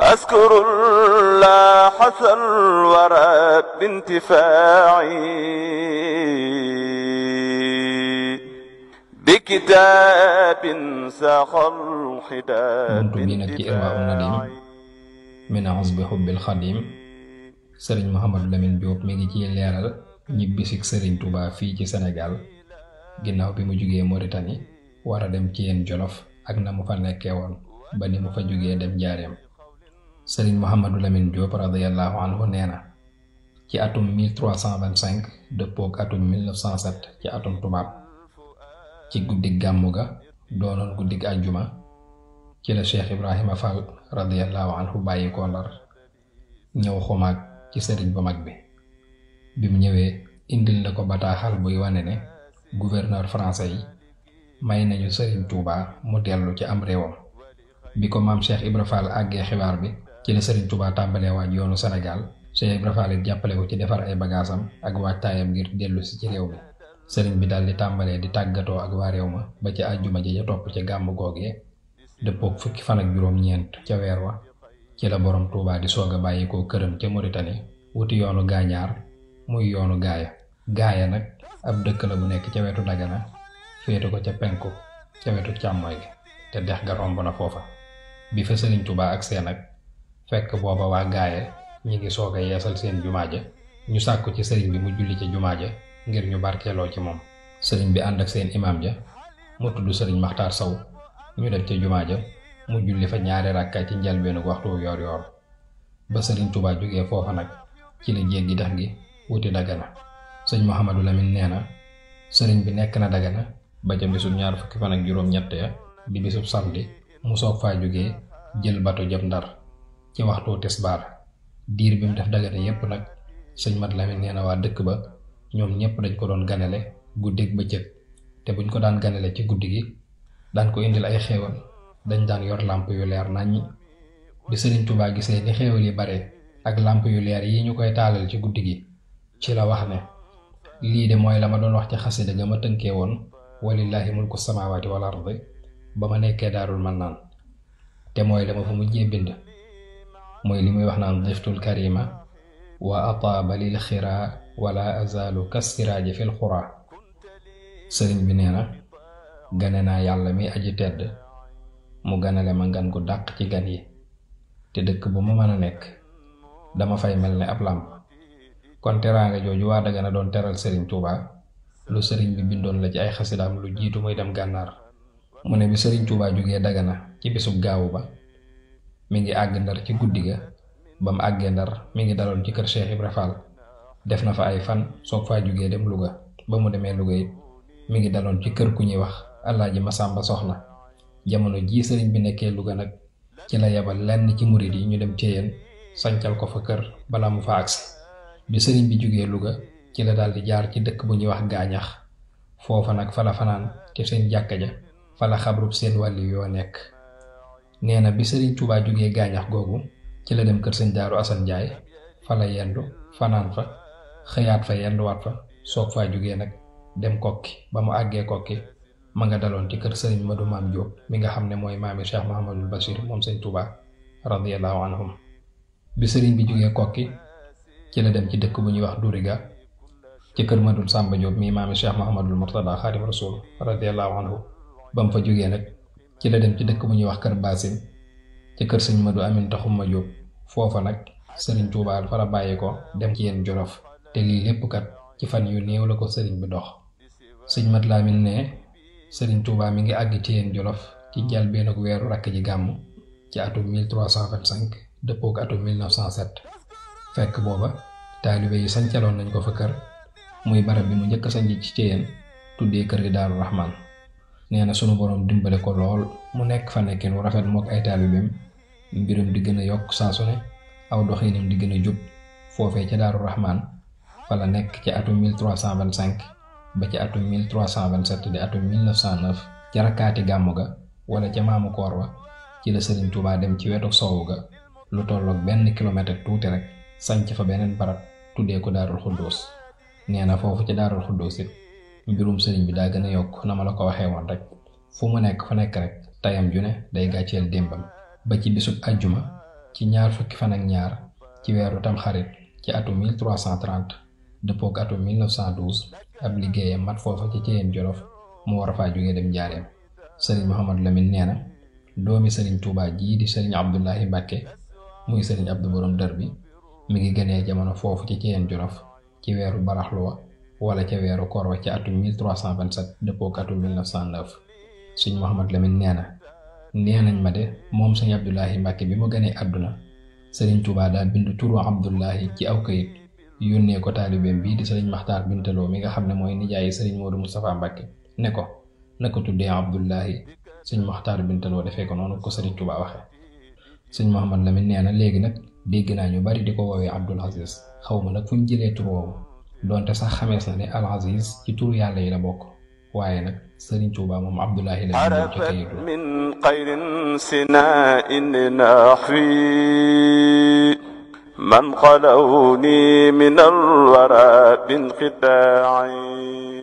أذكر الله حسن الورى بانتفاعي بكتاب سخر الحداد بانتفاعي من عصب حب الخديم sëriñ Mouhamadou Lamine Diop mi ngi ciy leeral ñibbisig sëriñ Touba fii ci Sénégal ginnaaw bi mu jógee Mauritanie war a dem ci yéen Jolof ak na mu fa nekkee woon ba ni mu fa jugee dem Njaareem sëriñ Mouhamadou Lamine Diop radiyallahu anhu nee na ci atum 1325 dëppook atum 1907 ci atum tubaab ci guddig gàmmu ga doonoon guddig àjjuma ci la Cheikh Ibrahima Fall radiyallahu anhu bàyyi ko Ndar ñëw xumaag ci sëriñ bu mag bi bi mu ñëwee indi na ko bataaxal buy wane ne gouverneur français yi may nañu sëriñ Touba mu dellu ci am réewam bi ko maam Cheikh Ibra Fall àggee xibaar bi ci la Serigne Touba tàmbalee waaj yoonu senegaal Cheikh Ibra Fall jàppale ko ci defar ay bagaasam ak waajtaayam ngir dellusi ci réew mi sëriñ bi daal di tàmbalee di tàggatoo ak waa réew ma ba ci àjjuma ji ca topp ca gàmm googee dëppook fukki fan ak juróom-ñeent ca weer wa ci la borom Touba di soog a bàyyi bàyyikoo këram ca Mauritanie wuti yoonu gaañaar muy yoonu gaaya gaaya nag ab dëkk la bu nekk ca wetu Dagana féete ko ca penku ca wetu càmmooy te dex ga na foofa bi fa sëriñ ak seen fekk booba waa gaaye ñi ngi soog a yeesal seen jumaa ja ñu sàkku ci sëriñ bi mu julli ci jumaa ja ngir ñu barkeeloo ci moom sëriñ bi ànd ak seen imaam ja mu tudd sëriñ maxtaar saw ñu dem ci jumaa ja mu julli fa ñaari ràkka ci njalbeenu waxtu yoor yoor ba sëriñ Tuubaa jógee foofa nag ci la jéggi dex gi wuti dagana sëñ Mouhamadou Lamine nee na sëriñ bi nekk na dagana ba ca bisub ñaar fukki fan ak juróom-ñett ya di bisub samedi mu soog faa jógee jël bato jëm ci waxtu tisbaar diir bi mu def dagate yépp nag sëñ Mat Lamin nee na waa dëkk ba ñoom ñépp dañ ko doon ganale ba bëccëg te buñ ko daan ganale ci guddi gi daan ko indil ay xéewal dañ daan yor làmp yu leer naññ bi sëriñ Tuubaa gisee ni xéewal yi bare ak làmp yu leer yi ñu koy taalal ci guddi gi ci la wax ne lii de mooy la ma doon wax ci xasida ga ma tënkee woon walillaahi mulku samaawaati wal ardi ba ma nekkee daarul mannaan te mooy la ma mooy li muy wax naan diftul karima wa ataaba lil xiraa wala azaalu kasiraaji fil xuraa sëriñ bi nee na gane naa yàlla mi aji tedd mu ganale ma ngan gu dàq ci gan yi te dëkk bu ma mën a nekk dama fay mel ne ab làmp kon teraanga jooju waa Dagana doon teral sëriñ tuuba lu sëriñ bi bindoon la ci ay xasidaam lu jiitu muy dem gànnaar mu ne bi sëriñ Touba jógee Dagana ci bisub gaawu ba mi ngi àgg ndar ci guddi ga ba mu àggee ndar mi ngi daloon ci kër Cheikh Ibra Fall def na fa ay fan soog faa jugee dem Louga ba mu demee Louga it mi ngi daloon ci kër ku ñuy wax Alaaji Masamba Soxna jamono ji sëriñ bi nekkee Louga nag ci la yebal lenn ci murid yi ñu dem Thiéyène sancal ko fa kër balaa mu fa agsi bi sëriñ bi jugee Louga ci la daal di jaar ci dëkk bu ñuy wax gaañax foofa nag fa la fanaan te seen jàkka ja fa la xabrub seen wàlli yoo nekk nee na bi sëriñ Touba jógee gaañax googu ci la dem kër sëñ Daaru Asan Njaay fa la yendu fanaan fa xëyaat fa yenduwaat fa soog faa jógee nag dem kokki ba mu àggee kokki ma nga daloon ci kër sëriñ Madu Maam Jóob mi nga xam ne mooy maami Cheikh Mahamadul Bachir moom sëñ Touba radiallahu anhum bi sëriñ bi jógee kokki ci la dem ci dëkk bu ñuy wax Duriga ci kër Madul Sàmba Jóob mi maami Cheikh Mahamadul Murtada Xaadim Rasul radiallahu anhu ba mu fa jógee nag ci la dem ci dëkk bu ñuy wax kër Basim ci kër sëñ Madu Amin ma jóg foofa nag sëriñ Tuubaa fa la bàyyi ko dem ci yenn Jolof te lii lépp kat ci fan yu néew la ko sëriñ bi dox sëñ Madu Lamin ne sëriñ Tuubaa mi ngi àgg ci yenn Jolof ci njëlbéen ak weeru rakk ji gàmm ci atum 1325 dëppook atum 1907 fekk booba taalibe yi sancaloon nañ ko fa kër muy barab bi mu njëkk a ci ci Ceyeen tuddee kër gi Daaru Rahmaan nee na sunu borom dimbale ko lool mu nekk fa nekkin wu rafet mook ay taalibeem mbiram di gën a yokk saa su ne aw doxiinam di gën a jub foofee ca daaru Rahman fa la nekk ci atum 1325 ba ci atum 1327 di atum 1909 ca rakkaati gàmmu ga wala ca maamu koor wa ci la Serigne Touba dem ci wetu soowu ga lu tolloog benn kilomètre tuuti rek sanc fa beneen barab tuddee ko daarul xuddoos nee na foofu ca daarul xuddoos mbirum sëriñ bi daa gën a yokk na ma la ko waxee woon rek fu mu nekk fu nekk rek tayam ju ne day gàcceel démbam ba ci bisub ajjuma ci ñaar fukki fan ak ñaar ci weeru tamxarit ci atum 1330 dëppook atum 1912 ab liggéeyam mat foofa ci ceyeen jolof mu war a faa jógee dem jaareem sëriñ Mouhamadou Lamine nee na doomi sëriñ Touba jii di sëriñ Abdoulahi Mbacke muy sëriñ Abdou Borom Dër bi mu ngi gënee jamono foofu ci ceyeen jolof ci weeru baraxluwa wala ca weeru koor wa ca atum 1327 dëppook atum 1909 sëñ Mouhamad Lamine nee na nee nañ ma de moom sëñ Abdoulahi Mbàkke bi mu gënee àdduna sëriñ Touba daa bind turu Abdoulahi ci aw kayit yónnee ko taalibeem bii di sëriñ Maxtaar Bintaloo mi nga xam ne mooy nijaayi sëriñ Modou Moustapha Mbàkke ne ko na ko tuddee Abdoulahi sëñ Maxtaar Bintaloo defee ko noonu ko sëriñ Touba waxe sëñ Mouhamad Lamine nee na léegi nag dégg naa ñu bari di ko woowee Abdoul Aziz xaw ma nag fu jëlee tur donte sax xamees na ne al aziz ci turu yàlla yi la bokk waaye nag sëriñ Abdullahi la arafat min xayrin sina in naxwi man xalawni min alwara bin qitaa'i